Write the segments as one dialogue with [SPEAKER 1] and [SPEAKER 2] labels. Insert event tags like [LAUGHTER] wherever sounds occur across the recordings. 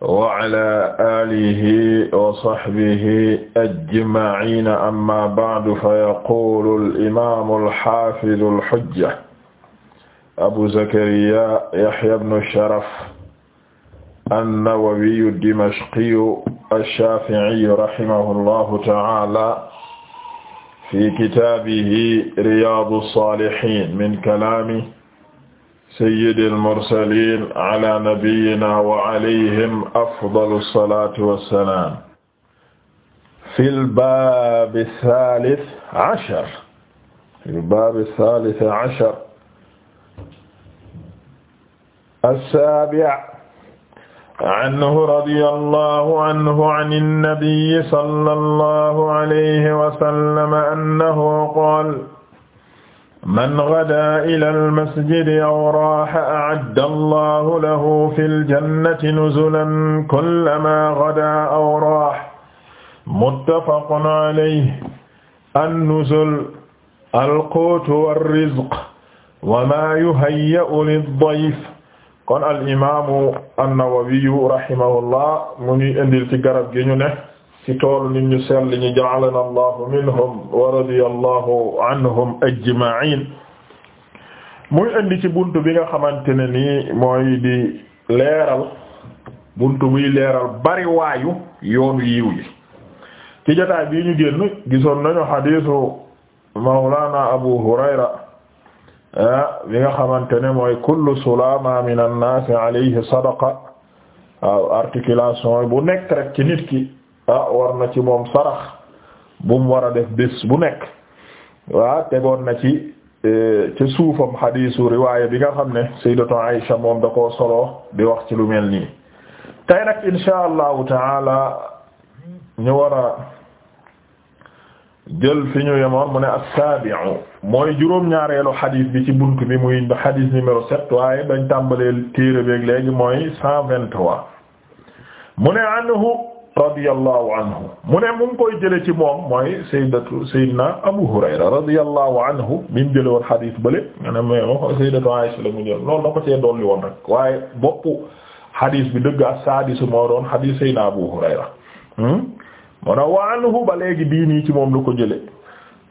[SPEAKER 1] wa cala aalihi wa saxbihi ajmaciina amma bacdu fayaquulu al-imaamu al-xaafidu al-xujja abu zakariya yaxya bnu sharaf an-nawawiyu ad-dimashqiyu ash-shaaficiyu rahimahu llaahu tacaala fi kitaabihi riyaadu saalihiin min kalaami sayyidil mursaliin ala nabiyyinaa wa alayhim afdalu salaati wa salaam. fil baabi saalis cashar fil baabi saalis cashar. as-saabi' canhu radiyallaahu canhu cani nabiyyi sallallahu alayhi wa sallam annahu qaala man gadaa ila almasjidi aw raaxa acadda allahu lahu fi ljannati nuzulan kullamaa gadaa aw raaxa muttafaqun alayhi annuzul alqootu warrizq wamaa yuhayya'u liddayf kon al imaamu annawawiyu rahimahullah mu ñuy indil ci garab gi ñu ne ci toolu ni ñu sell ñu ja'alana allahu minhum wa radiyallahu anhum ajma'in muy indi ci buntu bi nga xamante ne ni mooy di leeral buntu bi leeral bari waayu yoonu yiw yi ci jotaay ñu génn gisoon nañu xadiisu mawlana abu hurayra ah, bi nga xamante ne mooy kullu sulama min annaasi alayhi articulation bu nekk rek ci nit ki ah war na ci moom sarax bu mu war a def bés bu nekk waa tegoon na ci eh, ci suufam xadiisu riwaaya bi nga xam ne sayyidatu Aisha moom da ko solo di wax ci lu mel nii tey nag insha allahu taala ñu war a jël fi ñu yemoon mu ne as-sabi'u mooy juróom-ñaareelu xadis bi ci bunt bi muy xadis numéro sept waaye dañ tàmbaleel téere beeg léegi mooy cent vingt-trois mu ne anhu radiyallahu anhu mu ne mu ngi koy jële ci moom mooy sayyidatu sayyidina Abu Hurayra radiyallahu anhu bi mu jële woon xadiis bële nga ne mais ma ko sayyidatu Aisha la mu jël loolu da ko cee dolli woon rek waaye boppu xadiis bi dëgg ak saadisu moo doon xadiis sayyidina Abu Hurayra hmm? mu ne wa anhu ba léegi bii nii ci moom la ko jële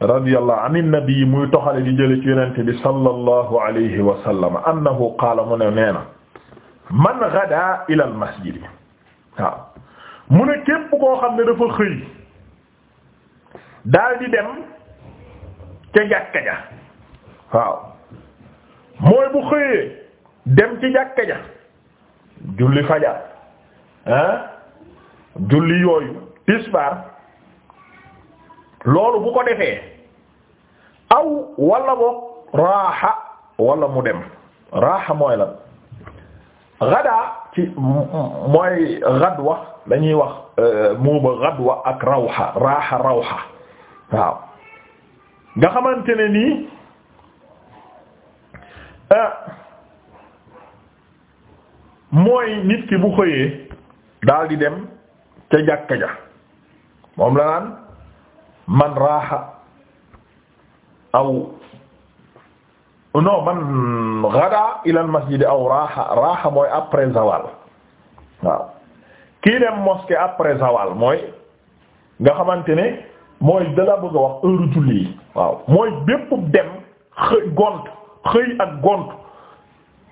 [SPEAKER 1] radiyallahu an nabi muy toxale di jële ci yonente bi sallallahu alayhi wa sallam annahu qaala mu ne nee na man ghadaa ila al masjid waaw mu ne képp koo xam ne dafa xëy daal di dem ca jàkka ja waaw mooy bu xëyee dem ci jàkka ja julli fajar ah julli yooyu tisbaar loolu bu ko defee aw walla boog raaxa wala mu dem raaxa mooy la gadaa ci mooy gadwa dañuy wax euh, muuba gadwa ak rawxa raaxa rawxa waaw nga xamante ne nii euh, mooy nit ki bu xëyee daal di dem ca jàkka ja moom la naan man raaxa aw Oh non man ghadaa ilal masjid aw raaxa raaxa mooy après zawal waaw kii dem mosquée après zawal mooy nga xamante ne mooy dala bëgg a wax heure julli yi waaw mooy bépp dem xëy gont xëy ak gont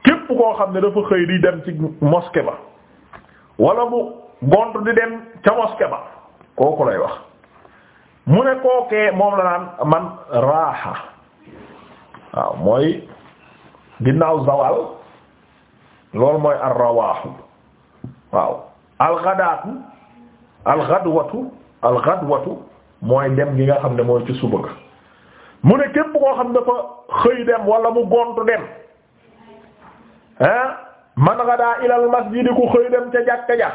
[SPEAKER 1] képp koo xam ne dafa xëy di dem ci mosquée ba wala bu gont di dem ca mosquée ba kooku lay wax mu ne kookee moom la naan man raaxa waaw mooy ginnaaw zawal loolu mooy arrawaaxu waaw alxadaatu alxadwatu alxadwatu mooy dem gi nga xam ne mooy ci suba ga mu ne képp koo xam dafa xëy dem wala mu gontu dem ah man xadaa ilal masjidi ku xëy dem ca jàkka ja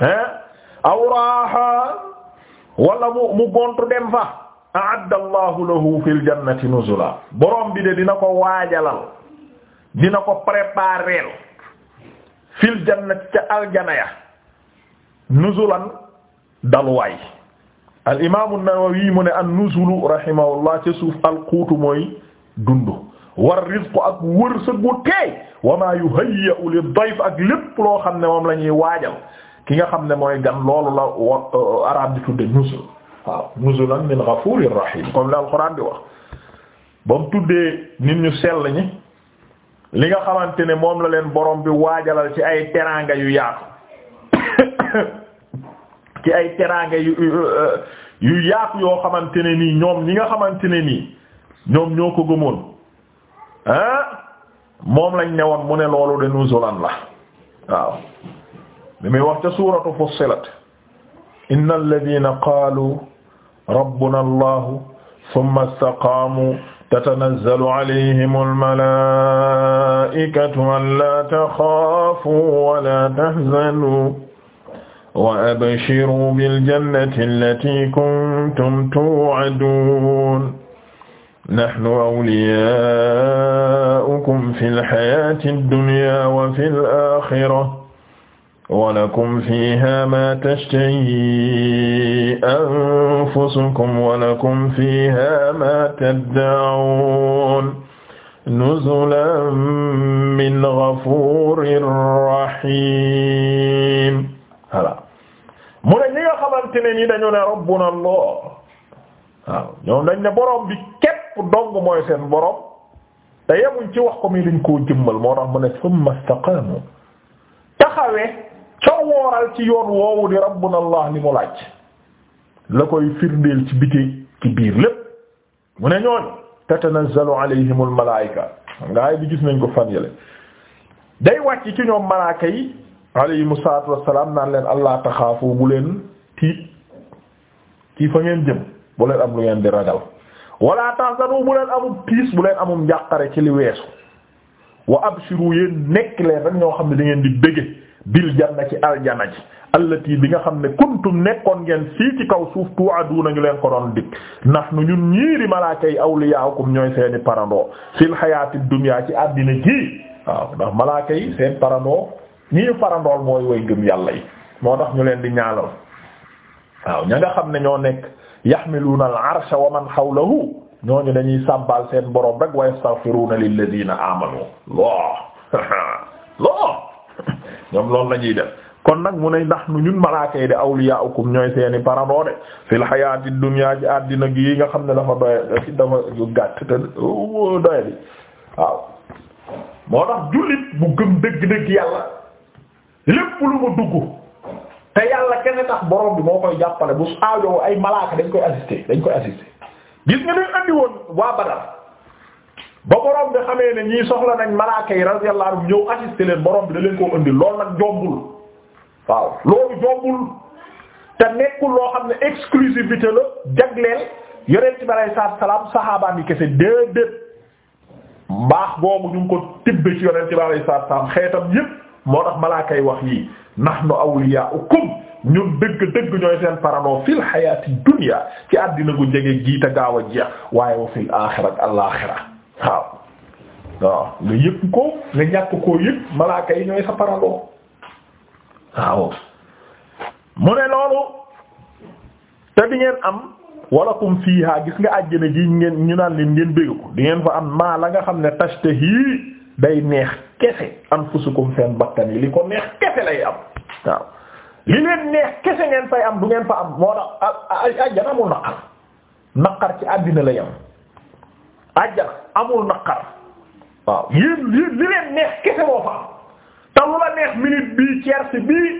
[SPEAKER 1] ah aw raaxa wala mu mu gontu dem fa a'adda Allahu lahu fil jannati nuzula borom bi de dina ko waajalal dina ko prépareel fil jannati ca aljana ya nuzulan dalwaay al imaam an-Nawawi mu ne an nuzulu rahimahullah ca suuf alquutu mooy dund war rizqu ak wërsëg gu teey wa maa yuhayya'u lid-dayf ak lépp loo xam ne moom lañuy ñuy waajal ki nga xam ne mooy gan loolu la wa euh, di tudde nuzul waaw nuzulan min ghafurir rahim comme la alquran di wax ba mu tuddee nit ñu sell ñi li nga xamante ne moom la leen borom bi waajalal ci ay teraanga yu yaatu [COUGHS] ci ay teraanga yu yu yoo xamante ne nii ñoom ñi nga xamante ne nii ñoom ñoo ko gëmoon ah moom lañ newoon mu ne loolu de nuzulan la waaw li muy wax ca suuratu fussilat innal ladina qaalu rabbuna allahu summa istaqaamu tatanazzalu alayhim almalaa'ikatu an laa taxaafuu wa laa tahzanuu wa abshiruu biljannati allatii kuntum tuu'aduun nahnu awliyaa'ukum fil hayaati dunyaa wa fil aaxira walakum fiiha ma tashtahi anfusukum walakum fiiha ma taddaun nuzulan min ghafurin rahim voilà mu ne ñi nga xamante ne ni dañu ne rabbuna allah waaw ñoom dañ ne boroom bi képp dong mooy seen boroom te yemuñ ci wax ko mi dañ koo jëmmal moo tax mu ne summa istaqaamu taxawee cowooral ci yoon woowu di rabbuna allah li mu laaj la koy firndeel ci biti ci biir lépp mu ne ñooñ tatanazzalu alayhim al malaayika ngaay bi gis nañ ko fan yele day wàcc ci ñoom malaaka yi alayhimu salaatu salaam naan leen allah taxaafu bu leen tiit ci fa ngeen jëm bu leen am lu ngeen di ragal wala tahzanu bu leen amum tiis bu leen amum njàqare ci li weesu wa abshiru yéen nekk leen rek ñoo xam ne da di bëgge bil janna ci aljana ci allati bi nga xam ne kuntum nekkoon ngeen fii ci kaw suuf tu'aduna ñu leen ko doon dik nahnu ñun ñiiri malaaka yi awliyaakum ñooy seeni parandoo fil hayati dunya ci àddina gi waaw ndax malaaka yi seen parandoo ñii parandool mooy way gëm yàlla yi moo tax ñu leen di ñaanal waaw ña nga xam ne ñoo nekk yahmiluna al arsha wa man hawlahu ñooñu dañuy sàbbal seen boroom rek wa yastaghfiruna lilladina amanu lo [LAUGHS] [LAUGHS] ñoom loolu la ñuy def kon nag mu ne ndax nu ñun malaaka yi de awliyaukum ñooy seeni parandoo de fil hayati dunya ci àddina gi nga xam ne dafa doye dafa gàtt te doye bi waaw moo tax jullit bu gëm dëgg-dëgg yàlla lépp lu mu dugg te yàlla kenn tax borom bi moo koy jàppale bu aajoo ay malaaka dañ koy assister dañ koy assister gis nga dañ andi waa Badar ba borom bi xamee ne ñii soxla nañ malaaka yi radiyallahu anhum ñëw assisté leen borom bi da leen koo indi loolu nag jombul waaw loolu jombul te nekkul loo xam ne exclusivité la jagleel yonent bi alayhi salaatu salaam saxaabaan yi kese déedéet mbaax boobu ñu ngi ko tibb ci yonent bi alayhi salaatu salaam xeetam yépp moo tax malaaka yi wax yii nahnu awliyaa'ukum ñun dëgg dëgg ñooy seen parano fil hayaati dunya ci àddina gu jege jiita gaaw a jeex waaye wa waaw waaw nga yëpp ko nga ñàkk koo yëpp malaaka yi ñooy sa parandoo waaw mu ne loolu te di ngeen am walakum fiiha gis nga àjjana ji ngeen ñu naan leen ngeen bëgg ko di ngeen fa am maa la nga xam ne tashtahi day neex kese anfusukum seen bakkan yi li ko neex kese lay am waaw li leen neex kese ngeen fay am du ngeen fa am moo tax àjjana amul naqar naqar ci àddina lay am àjjana amul naqar waaw yéen yéen li leen neex kese fa te lu la neex minute bii tierce bii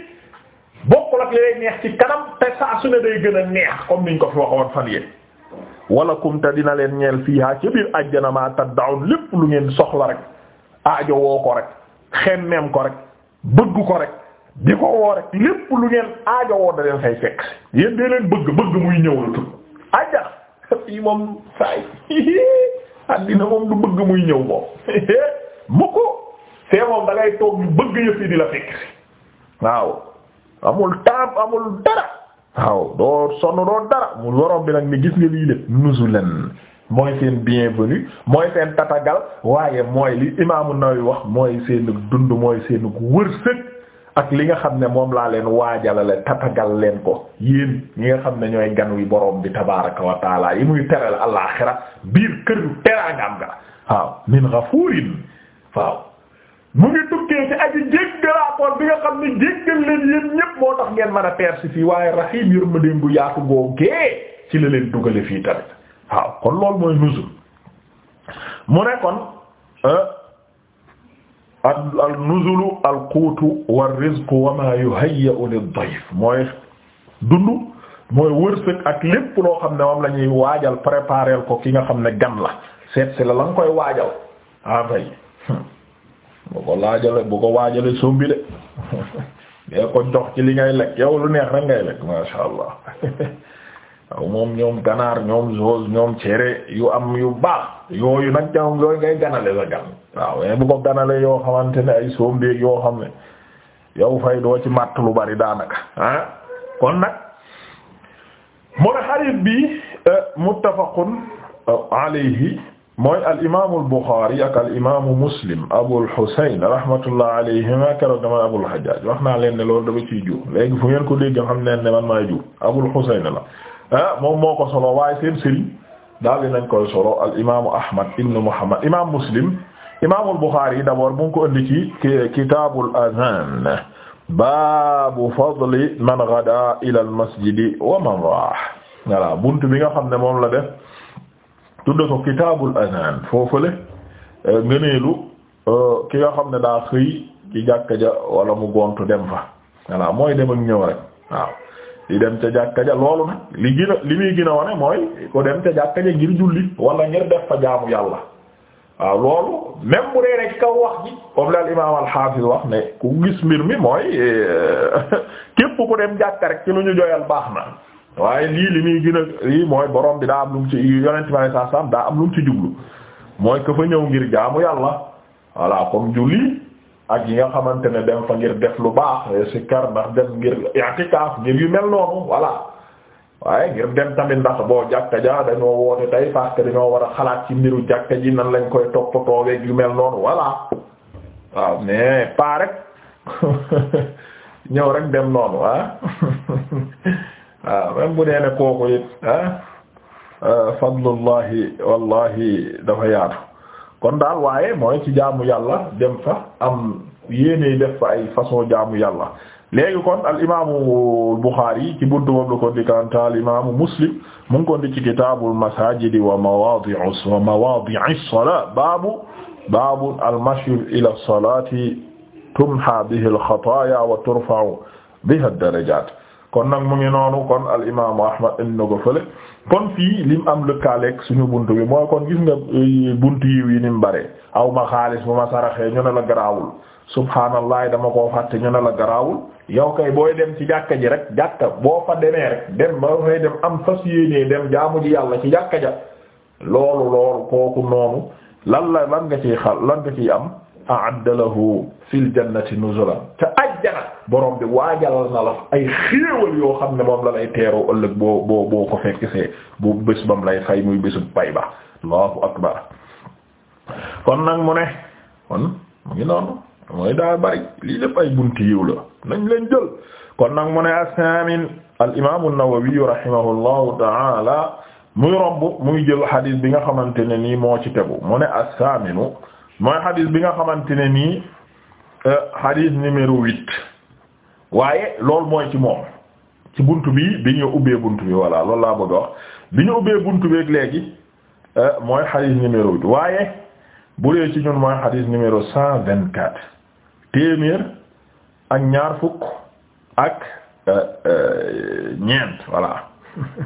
[SPEAKER 1] bokkul ak lay neex ci kanam te saa su ne day gën a neex comme niñ ko fi waxoon fan yéen. wala kum te dina leen ñeel fiihaa ci biir àjjana maa taddaawun lépp lu ngeen soxla rek aajo woo ko rek xemmeem ko rek bëgg ko rek di ko woo rek lépp lu ngeen aajo woo da leen fay fekk yéen dee leen bëgg bëgg muy ñëw la tudd àjjana [LAUGHS] fii moom saay àddina [LAUGHS] moom du bëgg muy ñëw moom [LAUGHS] mu ko fee moom da toog ñu bëgg yëf di la fekk waaw amul taab amul dara waaw doo sonn doo dara mu borom bi nag ni gis nga lii lépp nuzulan mooy seen bienvenue mooy seen tatagal waaye mooy li imaamu Nawawi wax mooy seen dund mooy seen wërsëg ak li nga xam ne moom laa leen waajalale tatagal leen ko yéen ñi nga xam ne ñooy gan wi borom bi tabaaraka wa taala yi muy teral alaaxira biir kër yu teraangam ga waaw min ghafuurin waaw mu ngi tukkee ci aji jéggalaakoon bi nga xam ne jéggal leen yéen ñépp moo tax ngeen mën a persi fii waaye raxiim yërmandeem bu yaatu googee ci la leen dugale fii tamit waaw kon loolu mooy nuzul mu ne euh, al nuzulu al quutu war rizqu wa ma yuhayya'u lid dayf mooy dundu mooy wërsëg ak lépp loo xam ne moom lañuy waajal préparer ko ki nga xam ne gan la seet si la la koy waajal afay ah, [LAUGHS] bu ko laajale bu ko waajale sombi de [LAUGHS] dee ko jox ci li ngay lekk yow lu neex rek ngay lekk masha Allah [LAUGHS] waaw moom ñoom ganaar ñoom zose ñoom cere yu am yu baax yooyu nag ñoom yooyu ngay ganale la gan waaw mais bu ko ganale yoo xamante ne ay soom yoo xam ne yow fay doo ci matt lu bari daanaka ah kon nag mu ne xadiis bi eh, muttafaqun eh, alayhi mooy al imaamu al Buxaari ak al imaamu Muslim Abul Husayn rahmatullah alayhima keroog dama Abul Hajjaaj wax naa leen ne loolu dafa ciy ju léegi fu ngeen ko dégg xam ne ne man maay ju Abul Husayn la Ah moom moo ko solo waaye seen sëriñ daal di nañ koy solo al imaamu Ahmad ibn Muhammad imaam Muslim imaamul Buxaari d'abord mu ngi ko indi ci kitaabul azaan baabu fadli man ghadaa ila al masjidi wa man raah voilà buntu bi nga xam ne moom la def tudde ko kitaabul azaan foofule eh, ngëneelu eh, ki nga xam ne daa xëy ki jàkka ja wala mu gontu dem fa voilà mooy dem ak ñëw rek waaw. di dem ca jàkka ja loolu nag li gën li muy gën a wane mooy ko dem ca jàkka ja ngir julli wala ngir def fa jaamu yàlla waaw loolu même bu dee rek kaw wax ji comme la imaam al-Hafiz wax ne ku gis mbir mi mooy [LAUGHS] képp ku dem jàkka rek ci lu ñu joyal baax na waaye lii li muy gën a lii mooy borom bi daa am lu mu ci yonent bi saa saam daa am lu mu ci jublu mooy que fa ñëw ngir jaamu yàlla voilà comme julli. ak yi nga xamante ne dem fa ngir def lu baax si kar ndax dem ngir i'tikaaf ngir yu mel noonu voilà waaye ngir dem tamit ndax boo jàkka ja dañoo woote tey parce que dañoo war a xalaat ci mbiru jàkka ji nan lañ koy toppatoo weeg yu mel noonu voilà waaw mais pas rek [LAUGHS] ñëw rek dem noonu ah [LAUGHS] waaw même bu nee kooku it ah euh, fadlullahi wallahi dafa yaatu kon daal waaye mooy ci jaamu yàlla dem fa am yéene def fa ay façon jaamu yàlla léegi kon al imaamu Bukhari ci buntu boobu la ko di kanta al imaamu Muslim mu ngi ko di ci kitaabul masaajidi wa mawaadi'us wa mawaadi'is salaat baabu baabu al mashyi ila salaati tumhaa bihi al xataayaa wa turfa'u biha ad darajaat kon nag mu ngi noonu kon al imaamu Ahmad indi na ko fële kon fii lim am lëkkaaleeg suñu bunt bi mooy kon gis nga eh, bunt yiw yi ni mu bare aw ma xaalis bu ma saraxee ñu ne la garaawul subhaanallah dama koo fàtte ñu ne la garaawul yow kay booy dem ci jàkka ji rek jàkka boo fa demee rek dem ba may dem am fas yéenee dem jaamu ji yàlla ci jàkka ja loolu loolu kooku noonu lan la lan nga ci xal lan nga ci am a'adda lahu fil jannati nuzulan te ajjana borom bi waajalal na la ay xéewal yoo xam ne moom la lay teeroo ëllëg boo boo boo ko fekkisee bu bés bam lay xay muy bésub pay ba allahu akbar kon nag mu ne kon mu ngi noonu mooy daa bari lii lépp ay bunti yiw la nañ leen jël kon nag mu ne a saamin al imaamu an-Nawawi rahimahullahu ta'ala muy romb muy jël xadiis bi nga xamante ne nii moo ci tegu mu ne as-saaminu mooy xadis bi nga xamante ne nii euh, xadis numéro huit waaye loolu mooy ci moom ci bunt bi bi ñu ubbee bunt bi voilà loolu laa bëgg wax bi ñu ubbee bunt bi ak léegi euh, mooy xadis numéro huit waaye bu dee ci ñun mooy xadis numéro cent vingt quatre téeméer ak ñaar fukk ak euh, ñeent voilà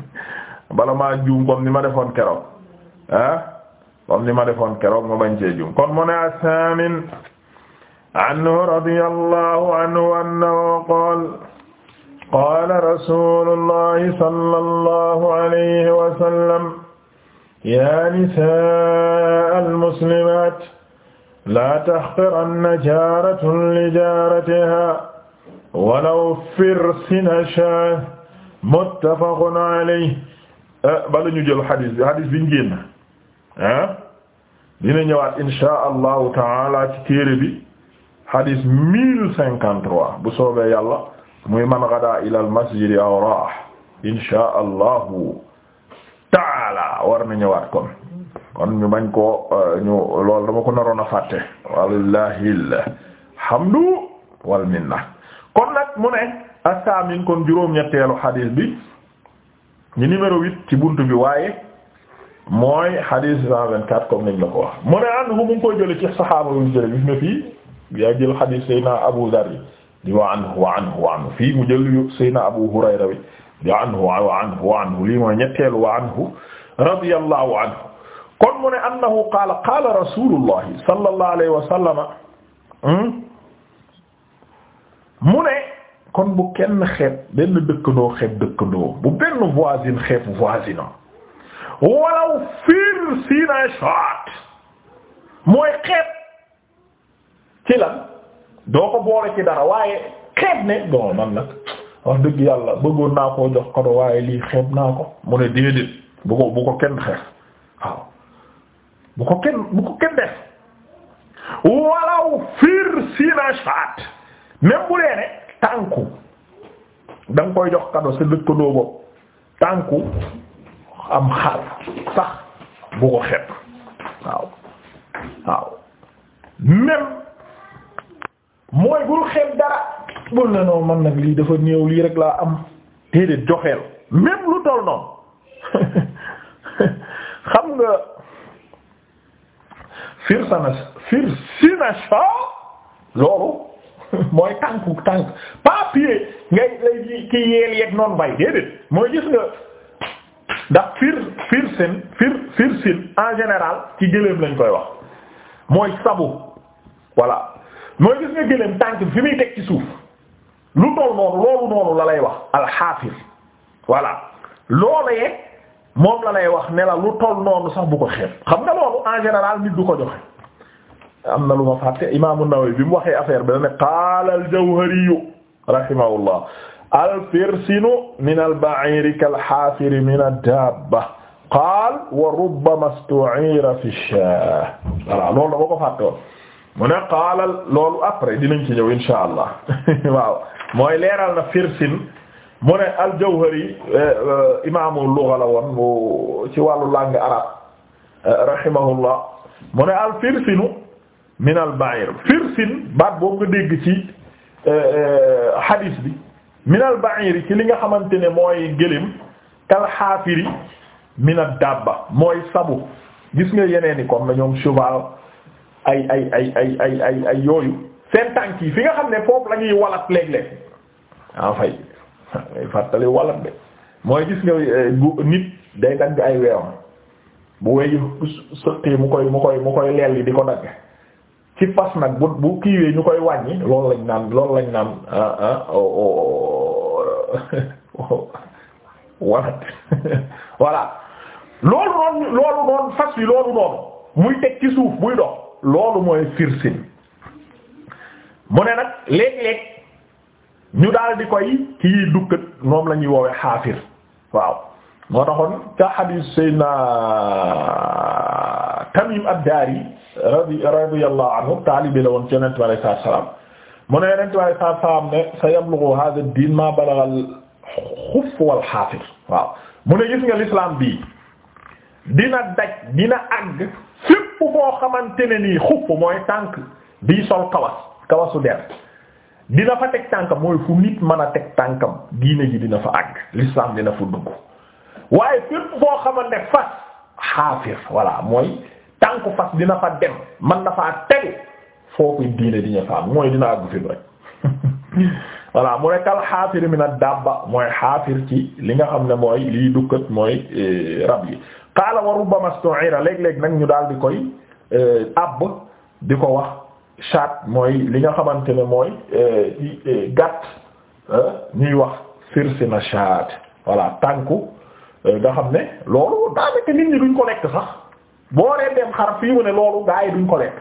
[SPEAKER 1] [LAUGHS] bala maa juum comme ni ma defoon keroog comme ni ma defoon keroog ma bañ cee jum kon mu ne as-saamin anhu radiyallahu anhu annahu qaala qaala rasuulullahi sallallahu alayhi wa sallam yaa nisaa al-muslimaat laa tahqiranna jaaratun li jaaratihaa walaw firsina shaah muttafaqun alayhi eh, balu ñu jël xadis bi xadis bi ñu génn ah dina ñëwaat insha allahu taala ci téere bi hadis bu soobee yàlla muy man ghadaa ila al aw raah insha allahu war na ñëwaat kon kon ñu bañ koo euh, ñu loolu dama ko naroon a fàtte walillahil hamdu wal minna kon nag mu ne asaamin kon juróom ñetteelu hadis bi ñu numéro huit ci bunt bi waaye mooy hadis 124 comme niñ la ko wax mu ne anhu mu ngi koy jële ci saxaaba yu jële gis na fii yaa jël hadis Seydina Abu Dharr di wa anhu wa anhu wa anhu fii mu jël Seydina Abu Hurayra bi di wa anhu wa anhu wa anhu lii mooy ñetteelu wa anhu radiyallahu anhu kon mu ne annahu qaala qaala rasulullahi sallallahu alayhi wa sallama hmm? mu ne kon bu kenn xeeb benn dëkkandoo xeeb dëkkandoo bu benn voisin xeeb voisinam walaw fiir siina shot mooy xeet ci lan doo ko boole ci dara waaye xeet ne bon nag wax dëgg yàlla bëggoon naa koo jox kado waaye lii xeeb naa ko mu ne déedéet bu ko bu ko kenn xeeb walaw fiir siina shot même bu dee tànku danga koy jox kado sa dëkkandoo bopp tànku am xaal sax bu ko xet waaw waaw même mooy bul xeeb dara bul ne noonu man nag lii dafa néew lii rek laa am déedéet joxeel même lu toll noonu [LAUGHS] xam nga fir sana fir sina sha loolu [LAUGHS] mooy tànku tànk papier ngay lay ki yeel yeeg noonu bay déedéet mooy gis nga ndax fir firsin fir firsin en général ci gëléem lañ koy wax mooy sabu voilà mooy gis nga gëléem tànk fi muy teg ci suuf lu toll noonu loolu noonu la lay wax alxaafir voilà loolu yeeg moom la lay wax ne la lu toll noonu sax bu ko xeeb xam nga loolu en général nit du ko joxe am na lu ma fàtte imaamu Nawawi bi mu waxee affaire bi la ne qaala al-Jawhari alfirsinu min albairi kalxaafiri min addaaba qaal wa rubbama stu'ira fi shaah voilà loolu dama ko fàttewoon mu ne qaalal loolu après dinañ ci ñëw insha allah [LAUGHS] waaw mooy leeral na firsin mu ne aljawhari eh, imaamu lugha la woon bu ci wàllu langue arabe eh, rahimahullah mu ne alfirsinu min albair firsin baat boobu nga dégg ci eh, hadis bi minal yi ci li nga xamante ne mooy gëléem kal xaafiri minal dabba mooy sabu gis nga yeneen i comme na ñoom cheval ay ay ay ay ay yooyu seen tànk yi fi nga xam ne foofu la ñuy walat léeg-léeg waaw ah, fay [LAUGHS] fàttali walat de mooy gis nga eh, nit day dagg ay weewam bu weyu sëqi mu koy mu koy mu koy leel yi di ko dagg ci fas nag bu bu kiiwee ñu koy wàññi loolu lañ naan loolu lañ naan warat loolu loolu noonu fas wi loolu noonu muy teg ci suuf buy dox loolu mooy firsin mu ne nag léeg-léeg ñu daal koy kii dukkat moom la ñuy woowee xaafir waaw moo taxoon ca xadiis Seydina Tamim ad-Dari radi radiyallahu anhu la woon ci Yonent bi alayhi salaatu wa salaam mu ne Yonent bi alayhi salaatu wa ne sa yablughu hadha ad ma balagha al-khuff wal-hafir waaw mu ne gis nga l'islam bii dina daj dina àgg fépp foo xamante ne nii xuff mooy tànk bii sol kawas kawasu der dina fa teg tànkam mooy fu nit mën a teg tànkam diine ji dina fa àgg l'islam dina fa dugg waaye fépp foo xamante ne fas xaafir voilà mooy tànku fas dina fa dem man na faa tegu foofu diine di ñu fa mooy dina àgg fi rek [LAUGHS] voilà mu nekk al na min mooy xaafir ci li nga xam ne mooy liy dukkat mooy eh, rab yi qaala wa rubbama stu'ira léeg-léeg nag ñu daal di koy eh, àbb di ko wax chat mooy li nga xamante ne mooy eh, gàtt ñuy wax firsina chat voilà tànku nga xam ne loolu daanaka nit ñi duñ ko lekk sax boo reen dem xar fii mu ne loolu gaa yi duñ ko lekk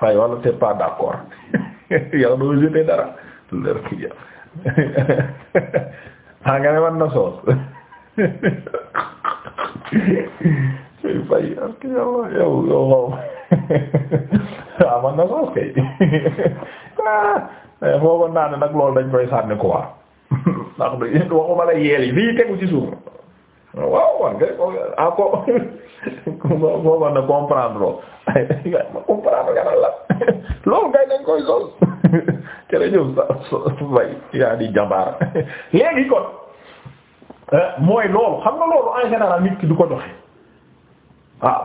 [SPEAKER 1] waaye walla c'est pas d'accord [LAUGHS] yow doo jëndee dara ah nga ne man na soos fay ak yow ah, na soos kay ah, foogoon naa ne nag loolu dañ koy sànni quoi ndax du waxuma la yeel yi fii Ah, waaw waaw ngay ah ko boo mën na comprendre loo [LAUGHS] ma comprendre nga la [LAUGHS] loolu ngay dañ koy sol [LAUGHS] jërëjëf bay yaa di jambaar léegi kon eh, mooy loolu xam nga loolu en général nit ki du ko doxe waaw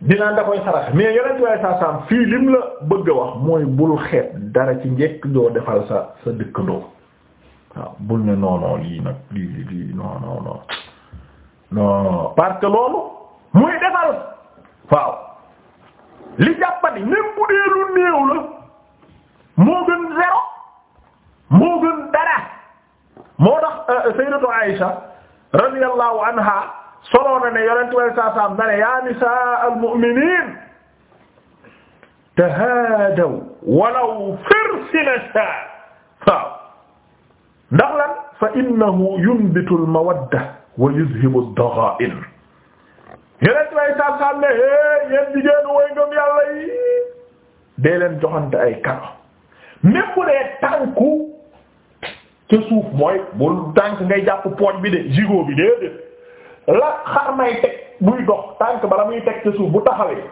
[SPEAKER 1] dinaan da koy sarax mais yeneen waaye saa saam fii lim la bëgg a wax mooy bul xeet dara ci njekk joo defal sa sa dëkkandoo waaw bul ne non non lii nag lii lii non non non. non parce que loolu muy defal waaw li jàppandi même bu dee lu néew la moo gën zéro moo gën dara moo tax euh, euh, sayyidatu Aisha radiyallahu anha solo na ne yonent way saa saam na ne ya nisaa al-mu'minin tahaadaw walaw firsin shaa waaw ndax lan fa innahu yunbitu al-mawadda wa yuzhibu ad-dagha'in yeneen way sar san ne é yéen jigéenu way ngëm yàlla yi dee leen joxante ay kado mépp dee tànku ca suuf mooy bul tànk ngay jàpp pooj bi de jigo bi déedéet la xar may teg buy dox tànk bala muy teg ca suuf bu taxawee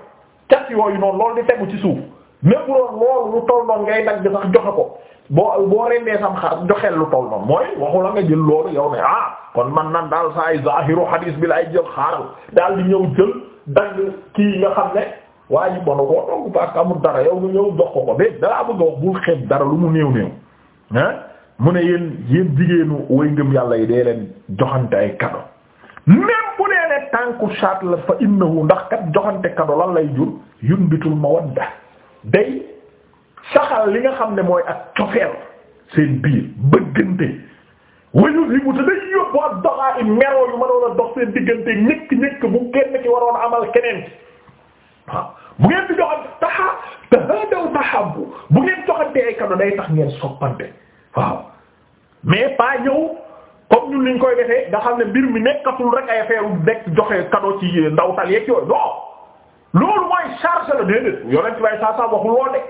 [SPEAKER 1] cat yooyu noonu loolu di tegu ci suuf même loolu loolu lu toll noonu ngay dagg sax joxe ko boo boo rendee sam xar joxeel lu toll noonu mooy waxu nga jël loolu yow ne ah kon man nan daal saa ay zahiru hadis bi laay jël xaaral daal di ñëw jël dagg kii nga xam ne waa ji bon koo togg parce que amul dara yow nga ñëw jox ko ko dalaa bëgg a bul xeeb dara lu mu néew néew ah mu ne yéen yéen jigéenu way ngëm yàlla yi dee leen joxante ay kado même bu dee ne tànku saat la fa innahu ndax kat joxante lan lay day saxal li nga xam ne mooy ak cofeel seen biir bëggante wëñu li mu te day yóbbu ak doxaa meroo yu mënoon a dox seen diggante ñëkk ñëkk bu kenn ki waroon amal keneen bu ngeen di joxante taxa tahadaw tahabbu bu ngeen joxante ay kado day tax ngeen soppante waaw mais pas ñëw comme ñu liñ koy defee nga xam ne mbir mi nekkatul rek ay affaire nekk joxe kado ci ndawtal yeeg yooyu non loolu mooy charge la déedéet yonent bay saa saa waxul loo de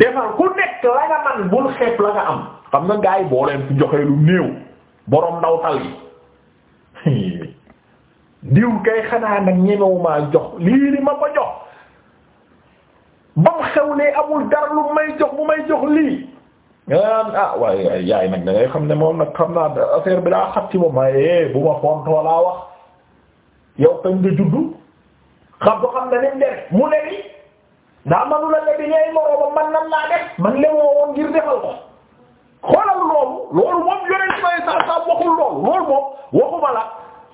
[SPEAKER 1] defal ku nekk la nga man bul xeeb la nga am xam na gaa yi boo leen fi joxee lu néew boroom ndawtal yi [LAUGHS] diw kay xanaa nag ñemewumaa jox lii li ma ko jox ba mu xewlee amul dara lu may jox bu may jox lii ah waaye yaay nag da ngay xam ne moom nag xam naa affaire bi daa xat ci moom eh, bu ma fontoo laa wax yow kañ nga juddu xam boo xam ne ni mu def mu daa manula lebi ñooy moroomam man nan laa def man lewoo woon ngir defal ko xoolal loolu loolu moom yonent bay saasaam waxul loolu loolu moom waxuma la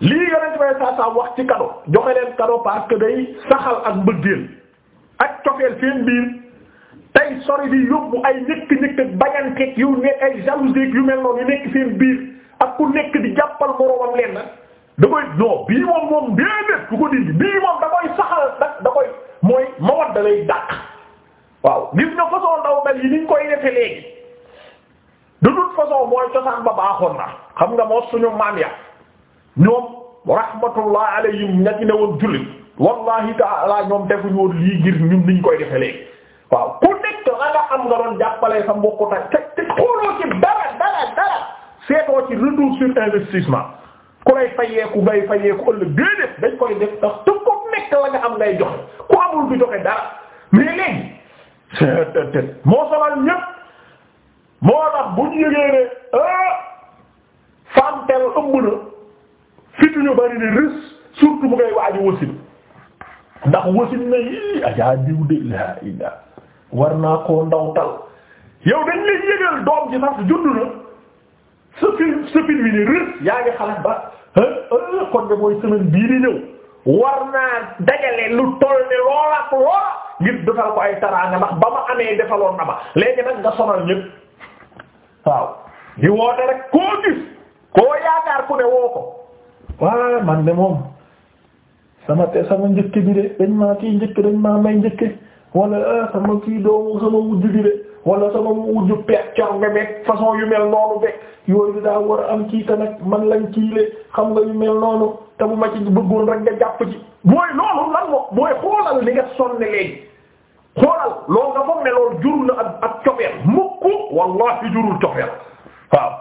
[SPEAKER 1] lii yonent bay saasaam wax ci kado joxe leen kado parce que day saxal ak mbëggeel ak cofeel seen biir tey sori di yóbbu ay ñëkk ñëkk ak yu ne ay jalousie yu mel noonu yu nekk seen biir ak ku nekk di jàppal moroomam leen na da koy non bii moom moom déedéet ku ko dindi bii moom da koy saxal da koy mooy mawat da lay dàq waaw gis nga façon daw mel yi niñ koy defe léegi de toute façon mooy cosaan ba baaxoon na xam nga moo suñu maam ya ñoom rahmatullah alayhim ña ci ne woon jullit wallahi ta'ala ñoom defuñu woon lii ngir ñun niñ koy defe léegi waaw ku nekk la am nga doon jàppale sa mbokku ta te te ci dara dara dara seetoo ci retour sur investissement ku lay fayeeku ngay fayeeku ëllëg déedéet dañ koy def ndax te ko nekk la nga am lay joxe ku amul du joxe dara mais léegi moo sonal ñépp moo tax bu ñu yëgee ne ah femme tel ëmb na fituñu bari ni rës surtout bu ngay waaju wasin ndax wasin na yii ajaa diw de laa ilaa war naa koo ndawtal yow dañ lay yëgal doom ji sax judd na sa film sa film yi nii rëdd yaa xalaat ba kon de mooy semaine bii di ñëw war dajale lu toll ne loola ak loola ngir ko ay taraanga ndax ba ma amee defaloon na ma léegi nag nga sonal ñëpp waaw di woote rek koo gis koo yaakaar ku ne woo ko waa man de moom sama te sama njëkk bi de dañ maa kii njëkk dañ maa may njëkk wala ah, sama kii doomu sama wujj bi de wala sama wujju peet corbe beeg façon yu mel noonu beeg yooyu daa war am kii nag man lañ kiile xam nga yu mel noonu te bu ma ci bëggoon rek nga jàpp ci mooy loolu lan moo mooy xoolal li nga sonne léegi xoolal loolu nga foog ne loolu jurul na ak ak cofeel mukk wallahi jurul cofeel waaw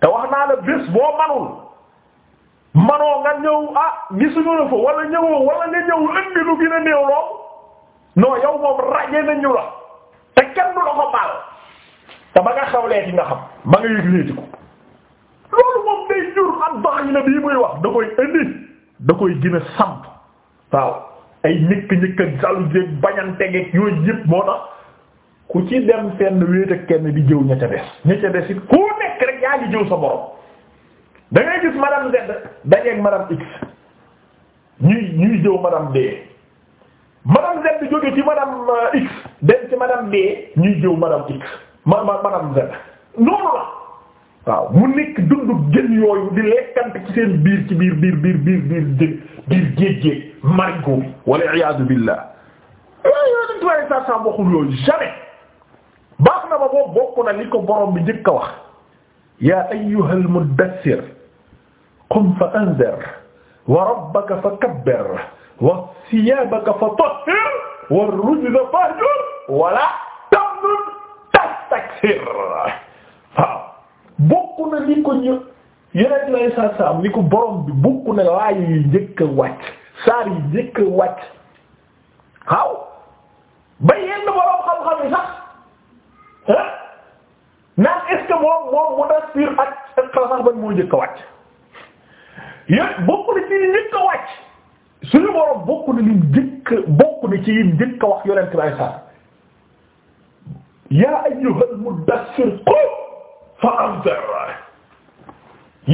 [SPEAKER 1] te wax naa la bés boo manul manoo nga ñëw ah gisuñu la fa wala ñëwoo wala nga ñëw lu gën a néew lool non yow moom ràññee nañ ñu la lu la ko baal xam ba loolu moom day jur ak dox na bii muy wax da koy indi da koy gën a samp waaw ay ñëkk ñëkk ak jalu jéeg bañante geeg yooyu yëpp moo tax ku ci dem fenn wéet kenn di jëw ña ca des ña ca des it ku nekk rek yaa ngi jëw sa borom da gis madame Z dajeeg madame X ñuy ñuy jëw madame D madame Z di jóge ci madame euh, X dem ci madame B ñuy jëw madame X ma ma madame Z mu nekk dundu di lekkante ci seen biir ci biir biir biir biir biir biir biir géej géej marigot bi walla iyaadu billaah yooyu yooyu dañ tubaab yi saa saa baax na ba boobu bokk na li ko borom bi njëkk a wax yaa ayyuhal muddassir qum fa anzir wa rabbaka fa kabbir wa siyaabaka fatahhir wa rujza fahjur wala tamnun tastaksir waaw bokk li ko ñu yeneen lay sa saam ni ko borom bi laay yi njëkk a saar yi njëkk a wàcc waaw ba borom xam-xam yi sax ah naan est-ce que moom moom Mudassir ak ak xalaat ban moo njëkk a wàcc yéen bokk na ci suñu borom bokk na lim njëkk bokk na ci lim njëkk wax yonent bi ay saar yaa ayyuhal muddassir qum fa anzir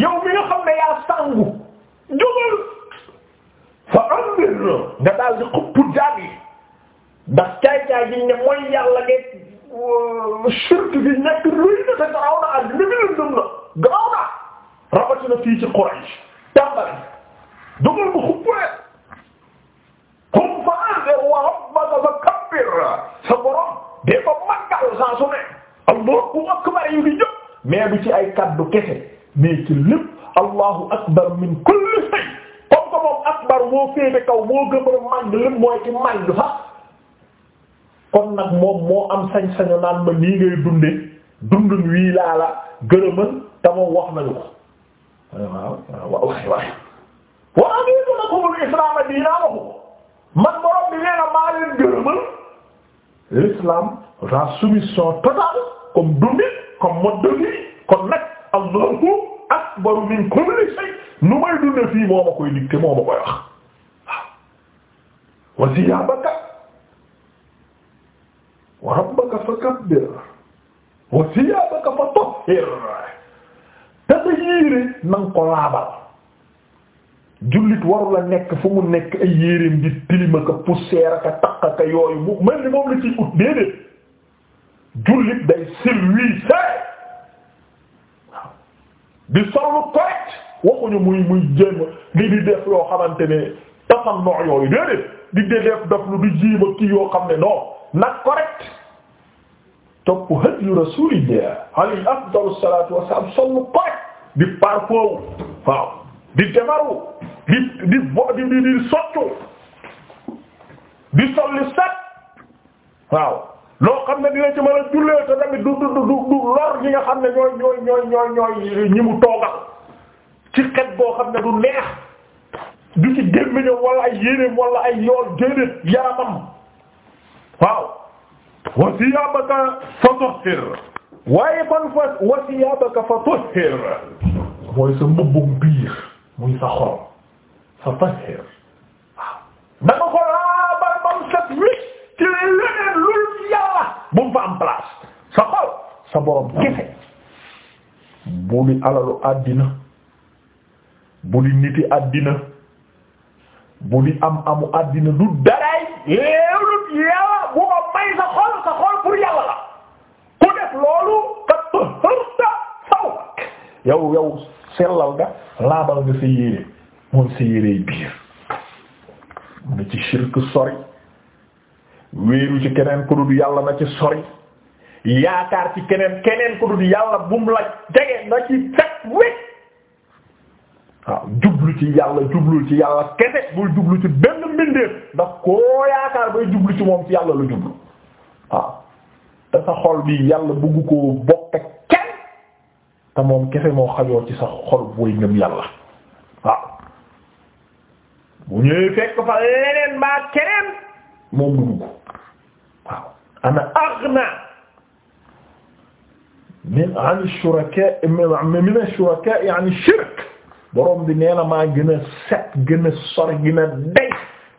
[SPEAKER 1] yow mi nga xam ne yaa sangu jógal fa anzir nga daal di xuppu jaam yi ndax caay-caay gi ne mooy yàlla de euh, shirk bi nekk luy na te garaw na ak limilim na garaw na rawatina fii ci Quraysh tàmbali kum fa anzir wa rabbaka fakabbir sa borom dee ko màggal saa su ne allahu akbar yu di jóg mais du ci ay kaddu kese mais ci lépp allahu akbar min kulli shay comme que moom akbar moo féete kaw moo gën a màgg lépp mooy ci màgg sax kon nag moom moo am sañ-sañu naan ma nii ngay dunde dundun wii laa la gërëmal te moom wax nañu ko waaw waaw waaw waaw waaw waaw waaw waaw waaw waaw waaw waaw man borom bi nee na maa leen gërëmal l'islam la soumission totale comme dundin comme mode de vie kon nag allahu akbaru min kulli shay nu may dunde fii moo ma koy dicté moo ma koy wax wa siyaabaka wa rabbaka fakabbir wa siyaabaka fatahhir te sa yére nang ko laabal jullit warula nekk fu mu nekk ay yéreem di tilima ka poussière aka yooyu mu mel ni moom la ciy ut déedéet jullit day service waaw di sollu correct waxuñu muy muy jéem li di def yoo xamante ne tafam noox yooyu déedéet di def daf lu di jiima kii yoo xam ne non nag correct topp hadiyu rasulillah alayhi afdalu salatu wassalam sollu correct di parfum waaw di demaru di di bo di di di soccu di solli set waaw loo xam ne dina ci ma a jullee te tamit du du du du lor ñi nga xam ne ñooy ñooy ñooy ñooy ñooy ñi mu toogal ci xet boo xam ne du neex du ci gémmiñam wala ay yéenéem wala ay yool déedéet yaramam waaw wa siyaabaka fa tuhhir waaye fa fa mooy sa mbubbum biir muy sa xol fa tahir waaw na ko laabal ba mu set wicc ci leneen lul yàlla bu mu fa am place sa xol sa borom kese bu li alalu àddina bu li niti àddina bu li am amu àddina du daraay leewlut yàlla bu ko may sa xol sa xol pour yàlla la ku def loolu kat tahërta sawak yow yow sellal nga laabal nga sa yéene mooy sa yérey biir na ci shirk sori wéeru ci keneen ku dul yàlla na ci sori yaakaar ci keneen keneen ku dul yàlla bum la jege na ci fekk wékk waaw jublu ci yàlla jublu ci yàlla kese bul jublu ci benn mbindeef ndax koo yaakaar bay jublu ci moom ci yàlla la jublu waaw te sa xol bi yàlla bëggu koo bokk kenn te moom kese moo xajoo ci sa xol booy ngëm yàlla waaw bu ñëwee fekk fa leneen mbaa keneen moom du dugg waaw ana aghna min an ash-shuraka min ash-shuraka yani shirk borom bi nee na maa gën a set gën a sor gën a dey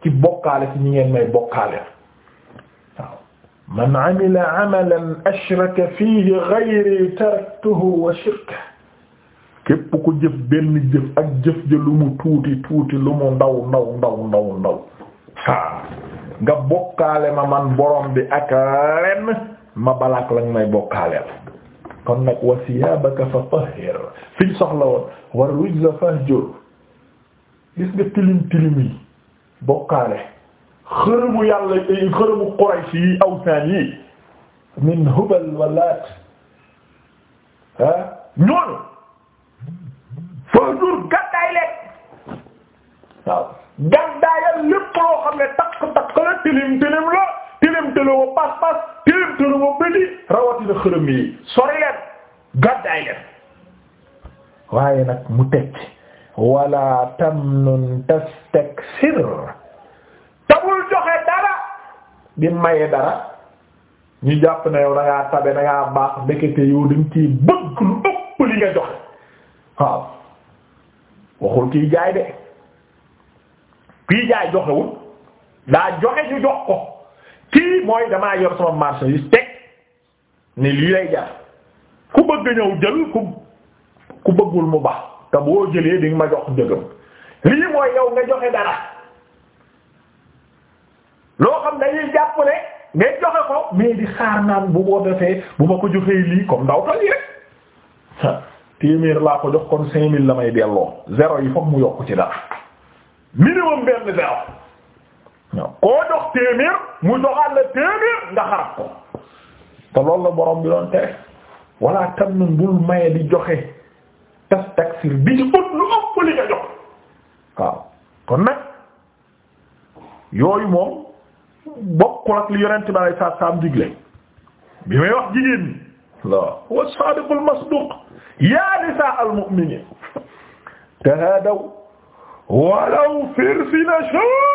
[SPEAKER 1] ci bokkaale ci ñi ngeen may bokkaale waaw man amila amalan ashraka fihi ghayri taraktuhu wa shirkahu képp ku jëf benn jëf ak jëf ja lu mu tuuti tuuti lu mu ndaw ndaw ndaw ndaw ndaw haa nga bokkaale ma man borom bi ak lenn ma balaak lañ may bokkaaleel kon nag wa siyaabaka fa tahhir soxla woon war rijza fahjur gis nga tilim tilim bokkaale xërëmu yàlla xërëmu Quraysh yi awsaan yi min Hubal walaat ha ñoonu toujours gàddaay leen waaw gàddaayal lépp loo xam ne takk takk la tilim tilim la tilim tilim wa pas pas tilim tilim wa bëti rawatina xërëm yi sori leen gàddaay leen waaye nag mu tecc wala tamnun tastaksir tabul joxe dara di maye dara ñu jàpp na yow da ngaa tabe baax ndekete yow dañ ciy bëgg lu ëpp li nga joxe waaw waxul kii jaay de kii jaay joxewul daa joxe ñu jox ko kii mooy damaa yor sama marchandise teg ne lii lay jar ku bëgg ñëw jël ku bëggul mu baax te boo jëlee di nga ma jox njëgam lii mooy yow nga joxe dara loo xam dañuy jàpp ne ngay joxe ko mais di xaar naan bu boo defee bu ma ko joxee lii comme ndaw toll yi rek téeméer laa ko jox kon cinq mille la may delloo zéro yi fokk mu yokk ci minimum benn zéro koo jox téeméer mu joxaat la téeméer nga xarab ko te loolu la borom bi doon tere walla tam nun bul maye di joxe tas taksir bi ci ut lu ëpp li nga jox waaw kon nag yooyu moom bokkul ak li yonent bi alay saat saam digle bi may wax jigéen ñi la wa sadiqul masduq yaa nisaa al-mu'miniin tahaadaw walaw firsina shaa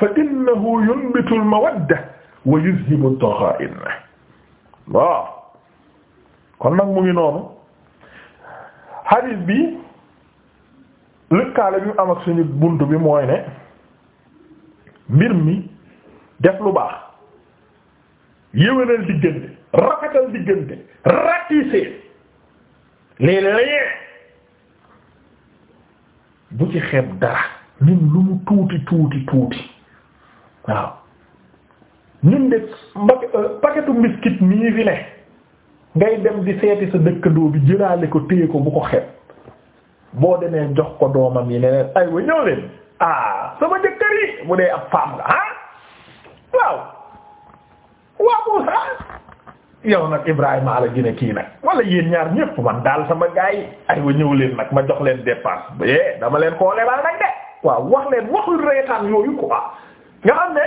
[SPEAKER 1] fa innahu yunbitu al-mawadda wa yuzhibu ad-daghaa'in waaw kon nag mu ngi noonu hadith bi lëkkaale bi mu am ak suñu bunt bi mooy ne mbir mi def lu baax yéwénal diggante rafetal diggante ratissé léeg lañee bu ci xeeb dara nim lu mu tuuti tuuti tuuti waaw ñun de euh, paquetu biscuit mii fi ne ngay dem di seeti sa dëkkandoo bi jëlaale ko téye ko bu ko xeeb boo demee jox ko doomam yi ne ay aywa ñëw leen ah sama jëkkër yi bu dee ab femme nga ah waaw waaw yow nag Ibrahima ala gine kii nag wala yéen ñaar ñépp man daal sama gaay yi aywa ñëw leen nag ma jox leen dépense eh, dama leen koo lebal nag de waaw wax leen waxul reetaan yooyu quoi nga xam ne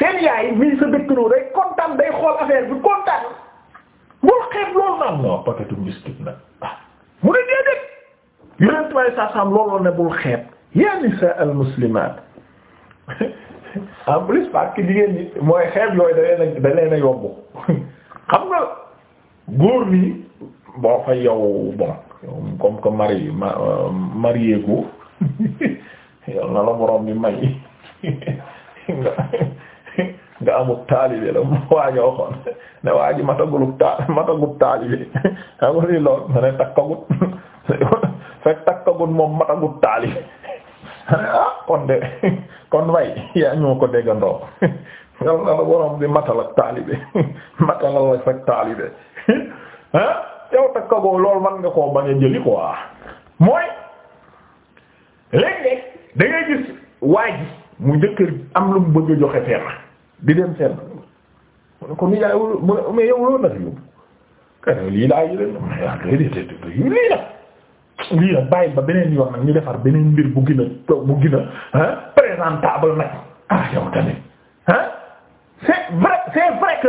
[SPEAKER 1] seen yaay mii sa dëkkanoo day kontaan day xool affaire bi kontaan bul xeeb loolu naan non paquetu biscuit nag ah. mu ne déedéet yeneen tubaab yi saa saam looloo ne bul xeeb yaa nisaa al muslimaat [LAUGHS] en plus parce que jigéen ñi mooy xeeb yooyu da leen a da leen [LAUGHS] xam nga góor bi boo fa yow bon comme que mari euh, marié ko [LAUGHS] yow na la borom bi may [LAUGHS] nga nga amuk taalibe la mu [LAUGHS] waaja waxoon ne waaji mataguluk taal matagut taalibe amul ni lool ne takkagut fekk takkagut moom matagut taalibe ah kon de kon way yaa ñoo ko déggandoo yal na la borom di matal ak taalibe [LAUGHS] matalal la ak taalibe ah [LAUGHS] yow takkagoo loolu man nga koo bañ a jëli quoi mooy léeg-léeg da gis waa ji mu jëkkër am lu mu bëgg a joxe fenn di dem fenn mu ne ko ni yaay mu ne mais yow loolu la fi lii laa yële na mais ah déedéet déedéet lii la. [TSK] lii nag bàyyi ba beneen yoon nag ñu defar beneen mbir bu gën a bu gën a ah nag ah yow tamit ah. c'est vrai c'est vrai que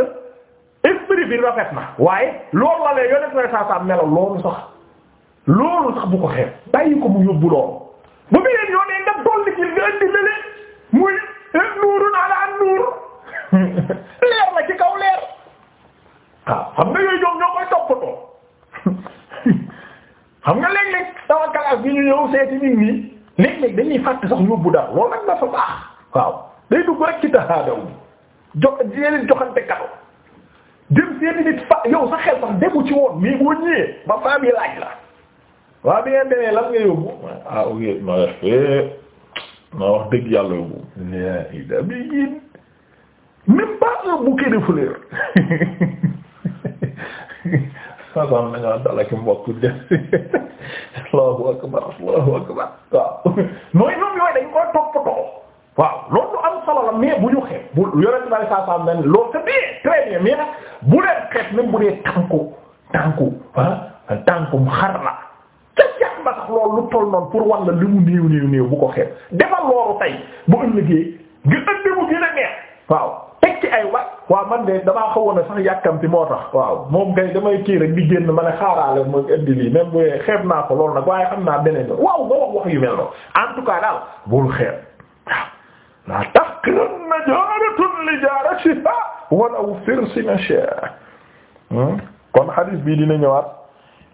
[SPEAKER 1] bi rafet na waaye loolu la lee yonent na saa saa melo loolu sax loolu sax bu ko xeeb bàyyi ko mu yóbbu loolu bu mu leen yoonee nga dolli ci nga indi lële muy eh, nuuru naa laa nuur [LAUGHS] leer la ci kaw leer waaw xam nga yooyu ñoom ñoo koy toppatoo [LAUGHS] xam nga léeg-léeg sama classe bi ñu ñëw seeti nit ñi léeg-léeg dañuy fàtte sax yóbbu dara loolu nag dafa baax waaw day dugg rek ci taxaadaw jox dina leen joxante kado dem seeni nit fa yow sa xel sax demu ci woon mais boo ñëwee ba femme yi laaj la waaw bi ngeen demee lan nga yóbbu ah ok ma eh, ma wax dëgg yàlla yóbbu ida bi in même pas un bouquet de fleurs sasan nañoo dalaki mbokk def [LAUGHS] allahu akbar allahu akbar waaw [LAUGHS] nooy noom yooyu dañ koy toppatoo waaw loolu am solo la mais bu ñu xeeb bu yorete ba ay saa saa mel loolu c'est bien très bien bu leen xeeb même bu dee tànku tànku ah tànkum xar la ca jàpp ba sax loolu toll noonu pour wan la li mu néew néew néew bu ko xeeb defal loolu tey bu ëndi mu man de damaa xawoon ne sax moo tax waaw moom kay damay kii rek di génn ma ne xaaraale ma indi lii même bu xeeb naa ko loolu nag waaye xam naa beneen waaw nga wax wax yu mel noonu en tout cas daal bul xeeb waaw. laa tahqiranna jaaratun li jaaratiha walaw firsi mashaa hmm? kon hadith bii dina ñëwaat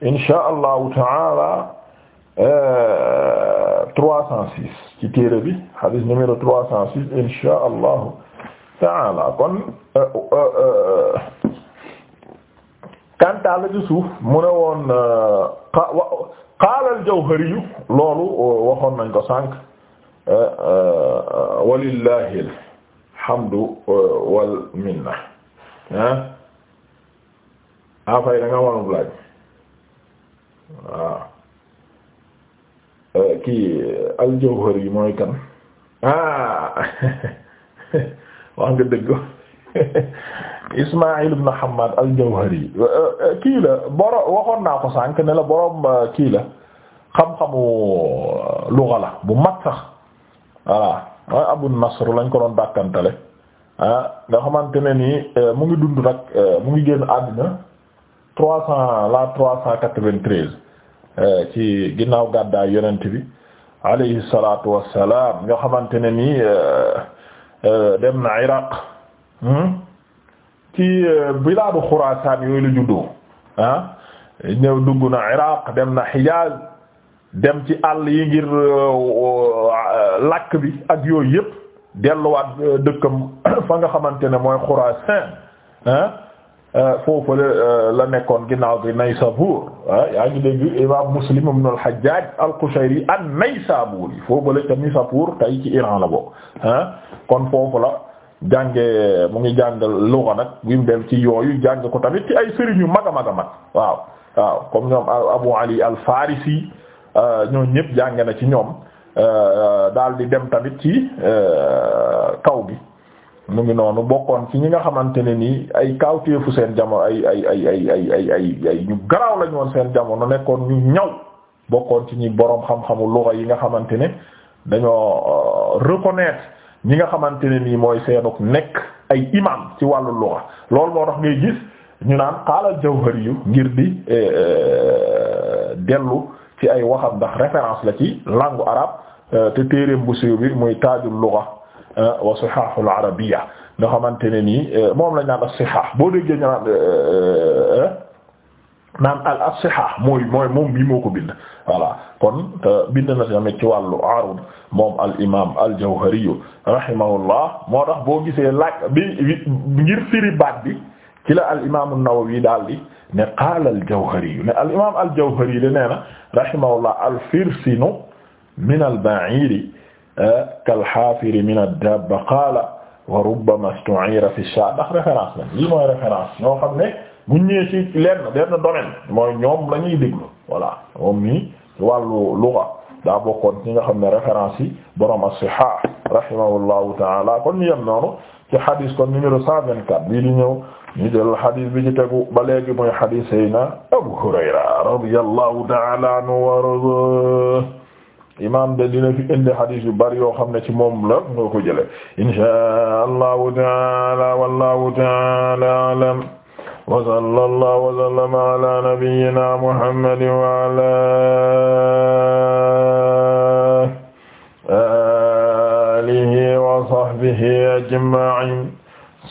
[SPEAKER 1] insha allahu taala euh, trois cent six ci téere bi hadith numéro trois cent six insha allahu taala kon euh, euh, kanta la ci suuf mu ne woon qaala al-Jawhari loolu waxoon nañ ko sànq walillahi alhamdu uh, wal minna ah a fay da nga waroon laaj waaw ah. uh, kii aljawhar yi mooy kan ah [LAUGHS] wax nga dëgg [LAUGHS] Ismaïl ibn Hammad al-Jawhari uh, boro waxoon naa ko sànq ne la borom kii la xam-xamu bu mat waaye Abu Nasr lañ ko doon dàkkantale ah nga xamante ne nii eh, mu ngi dund nag eh, mu ngi génn àddina trois cent la trois cent quatre-vingt-treize eh, ci ginnaaw gàddaay yonent bi alayhi salaatu wassalaam nga xamante ne nii dem na Iraq hmm? ci bilaadu Xuraasaan yooyu la juddoo ah dugg na Iraq dem na Hijaaz dem ci àll yi ngir euh, euh, làkk bi ak yooyu yëpp delluwaat euh, dëkkam [COUGHS] fa nga xamante ne mooy Xuraasaan foofu la nekkoon ginnaaw gi Naysabur yaa ngi dégg imaam Muslim ibn al-Hajjaj al-Qushayri an-Naysaburi foofu la ca Naysabur tey ci Iran la bokk kon foofu la jànge mu ngi jàng lugha nag bi mu dem ci yooyu jàng ko tamit ci ay sëriñ yu mag a mag a mag waaw waaw comme ñoom Abu Ali al-Farisi Euh, ñoo ñëpp jànge na ci ñoom euh, daal di dem tamit ci euh, kaw gi mu ngi noonu bokkoon ci ñi nga xamante ne nii ay kaawteefu seen jamono ay ay ay ay ay ay ay ay ñu garaaw lañu woon seen jamono nekkoon ñu ñaw bokkoon ci ñi boroom xam-xamu luxa yi nga xamante ne dañoo reconnaître ñi nga xamante ne nii mooy seenuk nekk ay imam ci wàllu luxa loolu moo tax ngay gis ñu naan xaalal Jawhari yu ngir di dellu ci ay waxam ndax référence la ci langue arabe euh, te téereem bu siiw bi muy taajul lugha euh, wa sihahul arabiyya nga xamante ne nii euh, moom lañ naan as-sihah boo déggee ñu naan naan al as mooy mooy moom bii moo ko bind voilà kon bind na tamit ci wàllu arud moom al imaam al moo tax boo gisee laaj bi ngir firi baat bi. ci la al imaamu Nawawi daal di ne qaala al Jawhari ne al imaam al Jawhari de nee na rahimahullah al firsinu min al ba'iiri eh, kal haafiri min ad daabba qaala wa rubbama istu'ira fi sha ndax référence la lii mooy référence ñoo xam ne bu ñëwee ci lenn benn domaine mooy ñoom la ñuy déglu voilà moom nii wàllu luga daa bokkoon ci nga xam ne référence yi borom as-Sihah rahimahullahu ta'ala kon ñu yem noonu ci hadis kon numéro 124 bii di ñëw. ñu jël xadis bi ci tegu ba léegi mooy xadis Seydina Abu Hurayra radiyallahu ta'ala anhu wa radiya imam de dina fi indi xadis yu bari yoo xam ne ci moom la nga ko jële insha allahu ta'ala wallahu ta'ala a'lam wa sallallahu wa sallama ala nabiyyina muhammadin wa ala alihi wa sahbihi ajma'in